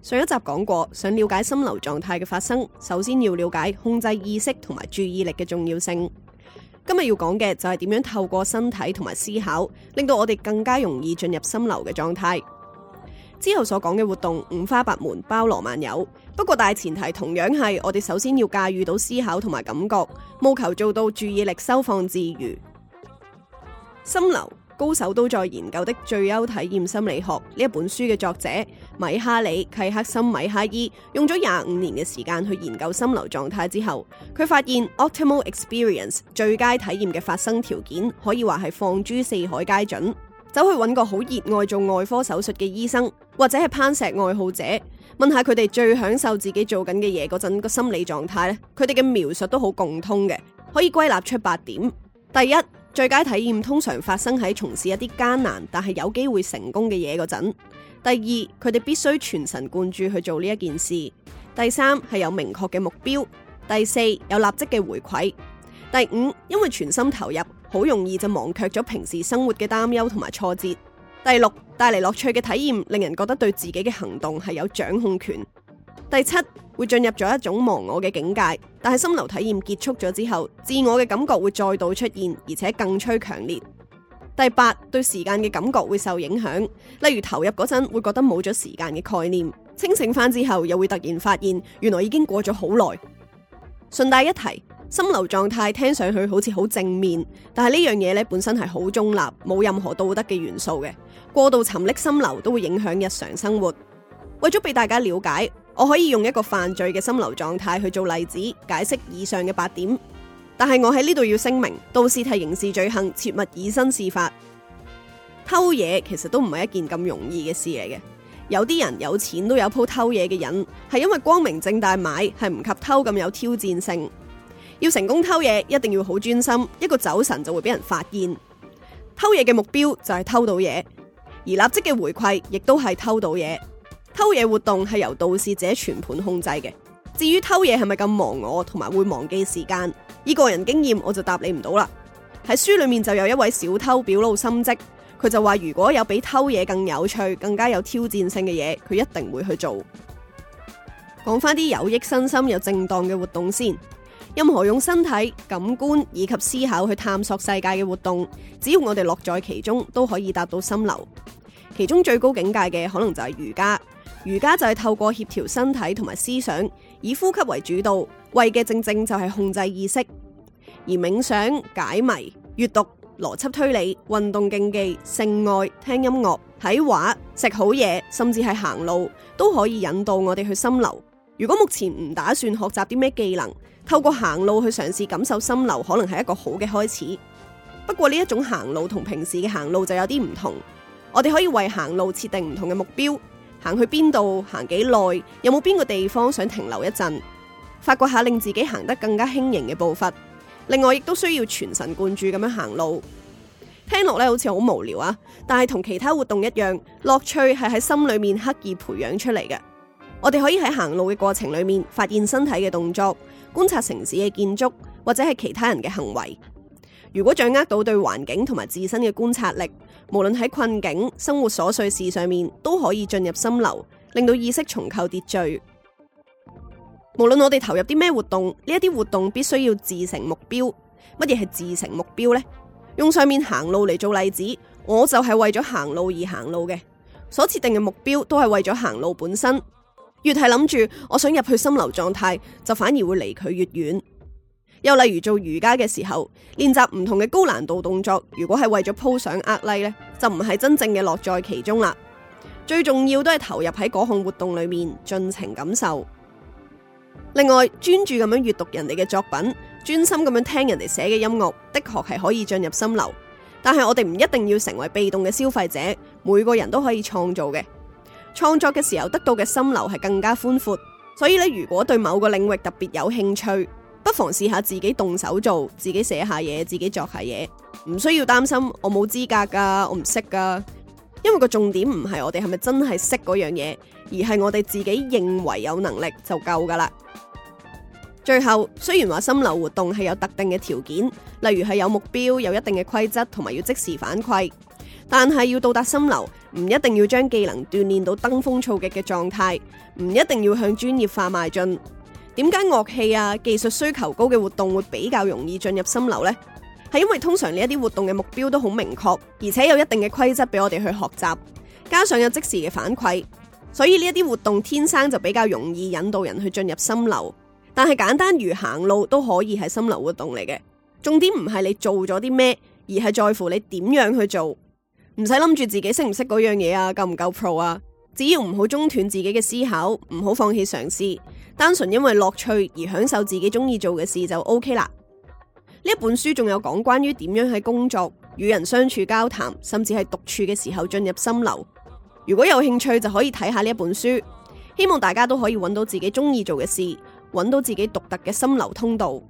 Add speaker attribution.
Speaker 1: 上一集講過，想了解心流狀態嘅發生，首先要了解控制意識同埋注意力嘅重要性。今日要講嘅就係點樣透過身體同埋思考，令到我哋更加容易進入心流嘅狀態。之後所講嘅活動五花八門，包羅萬有。不過大前提同樣係，我哋首先要駕馭到思考同埋感覺，務求做到注意力收放自如。心流。高手都在研究的最優體驗心理學呢一本書嘅作者米哈里契克森米哈伊用咗廿五年嘅時間去研究心流狀態之後，佢發現 optimal experience 最佳體驗嘅發生條件可以話係放諸四海皆準。走去揾個好熱愛做外科手術嘅醫生，或者係攀石愛好者，問下佢哋最享受自己做緊嘅嘢嗰陣個心理狀態咧，佢哋嘅描述都好共通嘅，可以歸納出八點。第一。最佳體驗通常發生喺從事一啲艱難但係有機會成功嘅嘢嗰陣。第二，佢哋必須全神貫注去做呢一件事。第三，係有明確嘅目標。第四，有立即嘅回饋。第五，因為全心投入，好容易就忘卻咗平時生活嘅擔憂同埋挫折。第六，帶嚟樂趣嘅體驗，令人覺得對自己嘅行動係有掌控權。第七。會進入咗一種忘我嘅境界，但係心流體驗結束咗之後，自我嘅感覺會再度出現，而且更趨強烈。第八，對時間嘅感覺會受影響，例如投入嗰陣會覺得冇咗時間嘅概念，清醒翻之後又會突然發現原來已經過咗好耐。順帶一提，心流狀態聽上去好似好正面，但係呢樣嘢咧，本身係好中立，冇任何道德嘅元素嘅。過度沉溺心流都會影響日常生活。為咗俾大家了解。我可以用一個犯罪嘅心流狀態去做例子，解釋以上嘅八點，但係我喺呢度要聲明，都是係刑事罪行，切勿以身試法。偷嘢其實都唔係一件咁容易嘅事嚟嘅，有啲人有錢都有鋪偷嘢嘅人，係因為光明正大買，係唔及偷咁有挑戰性。要成功偷嘢，一定要好專心，一個走神就會俾人發現。偷嘢嘅目標就係偷到嘢，而立即嘅回饋亦都係偷到嘢。偷嘢活動係由盜事者全盤控制嘅。至於偷嘢係咪咁忘我，同埋會忘記時間，依個人經驗我就答你唔到啦。喺書裏面就有一位小偷表露心跡，佢就話如果有比偷嘢更有趣、更加有挑戰性嘅嘢，佢一定會去做。講翻啲有益身心又正當嘅活動先。任何用身體、感官以及思考去探索世界嘅活動，只要我哋樂在其中，都可以達到心流。其中最高境界嘅可能就係瑜伽。瑜伽就係透過協調身體同埋思想，以呼吸為主導，為嘅正正就係控制意識。而冥想、解謎、閱讀、邏輯推理、運動競技、性愛、聽音樂、睇畫、食好嘢，甚至係行路，都可以引導我哋去心流。如果目前唔打算學習啲咩技能，透過行路去嘗試感受心流，可能係一個好嘅開始。不過呢一種行路同平時嘅行路就有啲唔同，我哋可以為行路設定唔同嘅目標。行去邊度，行幾耐，有冇邊個地方想停留一陣，發掘下令自己行得更加輕盈嘅步伐。另外，亦都需要全神貫注咁樣行路。聽落咧，好似好無聊啊，但係同其他活動一樣，樂趣係喺心裏面刻意培養出嚟嘅。我哋可以喺行路嘅過程裏面，發現身體嘅動作，觀察城市嘅建築，或者係其他人嘅行為。如果掌握到對環境同埋自身嘅觀察力，無論喺困境、生活瑣碎事上面，都可以進入心流，令到意識重構秩序。無論我哋投入啲咩活動，呢一啲活動必須要自成目標。乜嘢係自成目標呢？用上面行路嚟做例子，我就係為咗行路而行路嘅，所設定嘅目標都係為咗行路本身。越係諗住我想入去心流狀態，就反而會離佢越遠。又例如做瑜伽嘅時候，練習唔同嘅高難度動作，如果係為咗鋪上壓力呢，就唔係真正嘅樂在其中啦。最重要都係投入喺嗰項活動裏面，盡情感受。另外，專注咁樣閱讀人哋嘅作品，專心咁樣聽人哋寫嘅音樂，的確係可以進入心流。但係我哋唔一定要成為被動嘅消費者，每個人都可以創造嘅。創作嘅時候得到嘅心流係更加寬闊。所以咧，如果對某個領域特別有興趣，不妨試下自己動手做，自己寫下嘢，自己作下嘢，唔需要擔心我冇資格噶，我唔識噶。因為個重點唔係我哋係咪真係識嗰樣嘢，而係我哋自己認為有能力就夠噶啦。最後，雖然話心流活動係有特定嘅條件，例如係有目標、有一定嘅規則同埋要即時反饋，但係要到達心流，唔一定要將技能鍛煉到登峰造極嘅狀態，唔一定要向專業化邁進。點解樂器啊技術需求高嘅活動會比較容易進入心流呢？係因為通常呢一啲活動嘅目標都好明確，而且有一定嘅規則俾我哋去學習，加上有即時嘅反饋，所以呢一啲活動天生就比較容易引導人去進入心流。但係簡單如行路都可以係心流活動嚟嘅，重點唔係你做咗啲咩，而係在乎你點樣去做。唔使諗住自己識唔識嗰樣嘢啊，夠唔夠 pro 啊，只要唔好中斷自己嘅思考，唔好放棄嘗試。單純因為樂趣而享受自己中意做嘅事就 OK 啦。呢本書仲有講關於點樣喺工作、與人相處、交談，甚至係獨處嘅時候進入心流。如果有興趣就可以睇下呢本書。希望大家都可以揾到自己中意做嘅事，揾到自己獨特嘅心流通道。